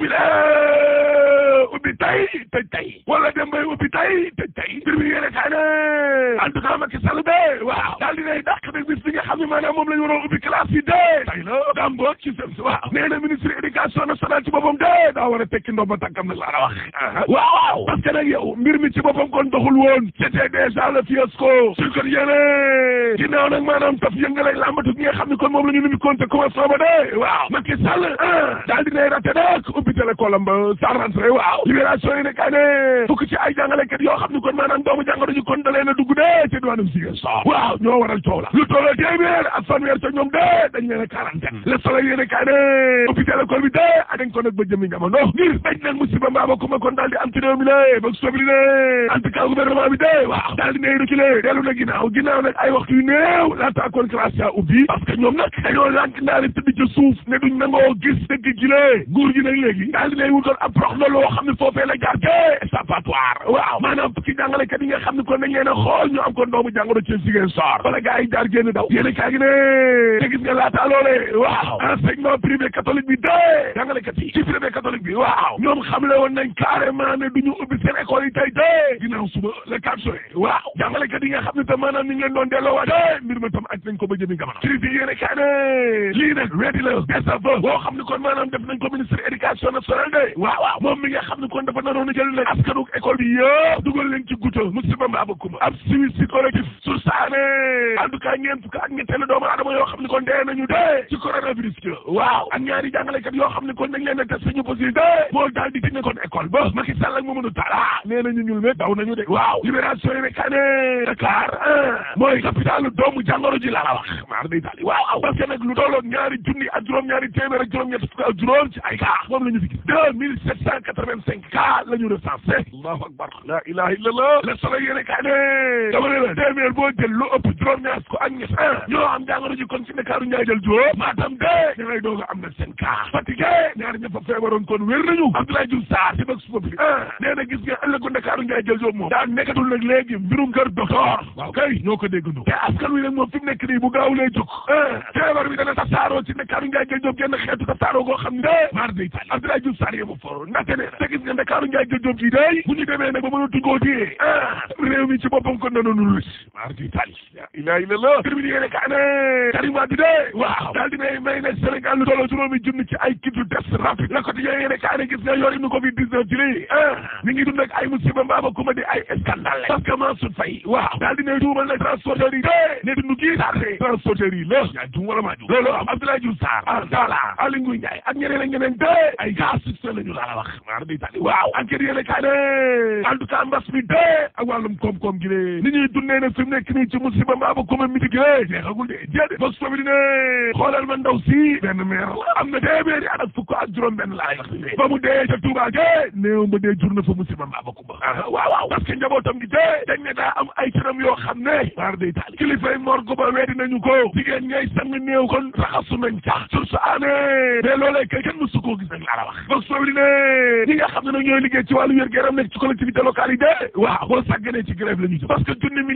bi la ubbi tay tëj tay wala dem bay ubbi tay tëj tay mbir mi yéene kaay ne en tout cas Macky Sall be waaw daal dinay dàq nag bis bi nga xam ne maanaam moom la ñu waroon ubbi classe yi de tay la dàmboog ci sem si waaw nee na ministre Sénégal ci boppam de daa war a tekki ndomba tànkam nag laa la wax waaw waaw parce que nag yow mbir mi ci boppam kon doxul a c'était déjà le fiasco sur kër yéene ginnaaw nag maanaam taf yëngalay làmbatu gi nga xam ne kon moom la ñu nu mu compté commencement ba de waaw Macky Sall ah daal dinay raté nag ubbi télécolam ba sa rentrée waaw libération yi ne kay ne fukk ci ay jàngalekat yoo xam ne kon maanaam doomu jàngoro ji kon dalee na dugg de ci diwaanum Ziguinchor so waaw ñoo waral coow la lu tolloo a quarantaine hmm. le soleil yéene nañ ko nag ba jëmi jamono ngir bañ nag musiba mbaaba kuma kon daal di am ci réew mi la ba sobli ne en tout cas gouvernement bi de waaw daal di ne reculé dellu na ginnaaw ginnaaw nag ay waxtu yu néew laata concrétisation ubbi parce que ñoom nag dañoo lànk naari tëdd ca suuf ne duñ nangoo gis dëgg gi lée nguur gi nag léegi daal di lay wutoon ab prox na loo xam ne foofee la jaar ke sapatoire waaw maanaam ci jàngalekat yi nga xam ne kon dañ leen a xool ñu am kon doomu jàngoro ci Ziguinchor wala gaa yi jaar génn daw yéen a kaa gi ne te gis nga laata loole waaw enseignement privé catholique bi de jàngalekat jàngalekat yi ci privé catholique bi waaw ñoom xamle woon nañ carrément ne du ñu ubbi seen école yi tey tey ginnaaw suba le quatre juin waaw jàngalekat yi nga xam ne tam maanaam ni ñu leen doon delloo mbir mi tam aj nañ ko ba jëmi ne lii nag weddi la désaveu boo xam ne kon maanaam def nañ ko ministre éducation nationale de waaw waaw moom mi nga xam ne kon dafa naroon a jël nag askanu école bi yëpp dugal leen ci guta musiba mbaa ba kumba ab suicide collectif su saane dañ leen a test suñu possibilité bool daal di tëj kon école ba Macky Sall ak Mamadou Talla nee na ñu ñul me daw nañu de waaw libération yi ne kaane Dakar mooy capitale doomu jàngoro ji laa la wax maar day daal waaw parce que nag lu tolloon ñaari junni ak juróom ñaari téeméer ak juróom ñett fukk ak juróom ci ay cas moom la ñu fi gis deux mille sept cent quatre-vingt-cinq cas la ñu recensé allahu akbar la ilaha illallah le soleil yéene kaane dama ne la téeméer boo jël lu ëpp juróom ñaar ko ak ñett ñoo am jàngoro ji kon si Ndakaaru ñaa jël juróom Matam de ña ngay dooga am na seen cas Fatick Dakar ña fa feebaroon kon wér nañu Abdoulaye Diouf Sarr ci bëgg suba bi nee na gis nga ëllëgu Dakar ko déggandoo te askan wi ah. Ah. ne mar day tali Abdoulaye Diouf Sarr yëpp foro ndaxte nee te gis nga Dakar njaay jël jóob ji day ah. ci boppam kon dana nulu si mar day tali ilaahi la la termine yéene kaa waaw daal dina may ne Sénégal lu tolloo juróomi junni ci ay kitu des rap la côté yooyu yéene kaa ne gis nga yor yi nu covid 19 ci léy ah ngi dund ak ay musiba mbaaba kuma di ay scandale parce waaw daal eh, ne dundu gii tardé ah, eh, transporteur yi la yaa jum wala maa jum loolu am Abdoulaye Diouf Sarr ah voilà Aly Ngouille Ndiaye ak ñeneen eh, waaw enquête yéene kaa ne en mi dé ak wàllum koom gi lée ni ñuy dundee ne fi mu nekk nii ci musiba mbaaba kuma miti gi lé jeexagul de jéede bos fobi di ne xoolal ma ndaw si benn maire am na ak juróom benn la wax fi ba mu dee ca Touba jee néew ma dee jur na fa musiba maa ba kumba ah, waaw waaw parce que njabootam gi jee dañ ne daa ay cëram yoo xam ne waar day taali kilifay mor ko ba weddi nañu ko jigéen ñay sang néew kon raxasu nañ cax sur sa année mais loolee kay kenn mësu koo gis nag laa la wax bog soobli ne ñi nga xam ne nag ñooy liggéey ci wàllu wér géram nekk ci collectivité locale yi dee waaw boo ci grève la ñu jëm parce que junni m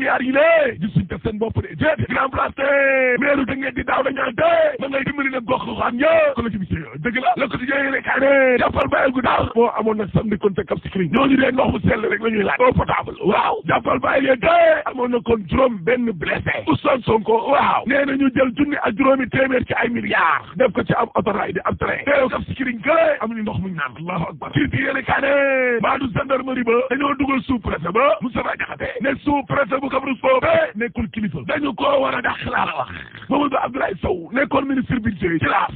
yi yéene kaay ne jàppal bayal gu daal moo amoon nag samedi kon ca Cap Skirring ñooñu bu sell rek la kon juróom benn blessé Ousmane waaw nee na ñu jël junni ak juróomi téeméer ci ay milliards def ko ci am autorail di ab train teew Cap Skirring gële amuñu ndox mu ñu naan allahu akbar critique yéene kaay ne baa du gendarmerie ba dañoo dugal sous préfet ba Moustapha Diakhaté a la wax Mamadou Abdoulaye Sow nekkoon ministre budget ci laas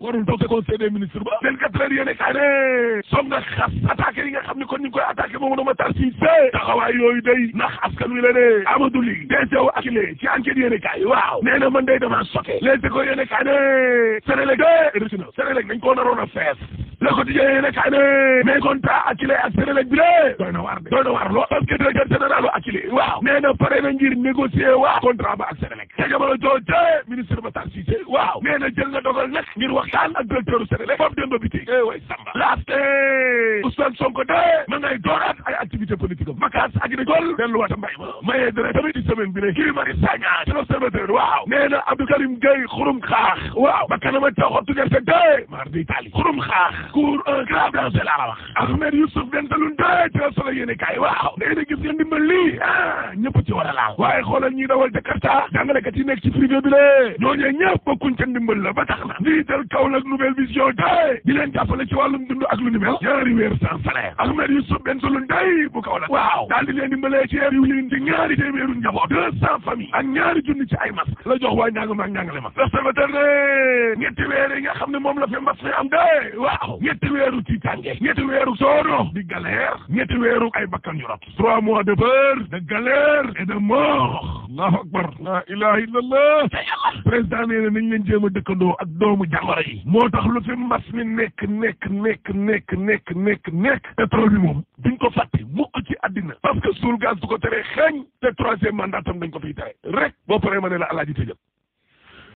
warul toog ca conseil des ministres ba vingt quatre heures yéene song na xas attaqué nga xam ni kon ñu ngi koy attaqué moomu dama tar si day ndax askan wi la ne Amadou Ly DCO Akilee ci enquête yéene kaay waaw nee na man day dama choqué les écoles yéene kaay ne Sénélec de rëcc na Sénélec dañ koo naroon a fees le quotidien yéene kaay ne mais contrat Akilee ak Sénélec bi de doy na waaw nee pare na ngir négocier waa contrat ba ak Sénélec te jamono ministre ba tar waaw nee na waxtaan ak directeur Sénélec foofu démba bi tey eh way samba laaste Ousmane Sonko de ma ngay dooraat ay activité politique am vacances ak na jol delluwaat mbay ma mayee dara tamit di semaine bi ne kii Mari Sagna ci l'Observateur waaw nee na Abdou Karim Gueye xurum xaax waaw ba kanama ca xottu gerte de mar di tali xurum xaax cour un grave danger la wax Ahmed Youssouf Dentalun de ci la solo yéene kaay waaw nee na gis ngeen dimbal lii ah ñëpp ci war a laal waaye xoolal ñi dawal Jakarta jàngalekat yi nekk ci privé bi le ñooñee ñëpp bokkuñ neel kaw nag nouvelle vision tay di leen jàppale ci wàllum dund ak lu ni mel ñaari weer sans salaire Ahmed Youssouf Ben Saloum day bu kaw nag waaw daal di leen dimbalee ci diw liin ci ñaari téeméeru njaboot deux cent famille ak ñaari junni ci ay mas la jox waa njàngam ak njàngale ma l'observateur ne ñetti yi nga xam ne moom la fi mbas mi am day waaw ñetti weeru ci tànge ñetti weeru soono di galère ñetti weeru ay bakkan yu rot trois mois de peur de et de mort allahu akbar la ilaha illallah te yàlla président nee na nañ leen jéem a dëkkandoo ak doomu jàngoro yi moo tax lu fi mbas mi nekk nekk nekk nekk nekk nekk nekk pétrole bi moom duñ ko fàtte mukk ci àddina parce que suul gaz du ko teree xeeñ te troisième mandat tam dañ ko fiy tere rek boo paree ma ne la alaaji tëjal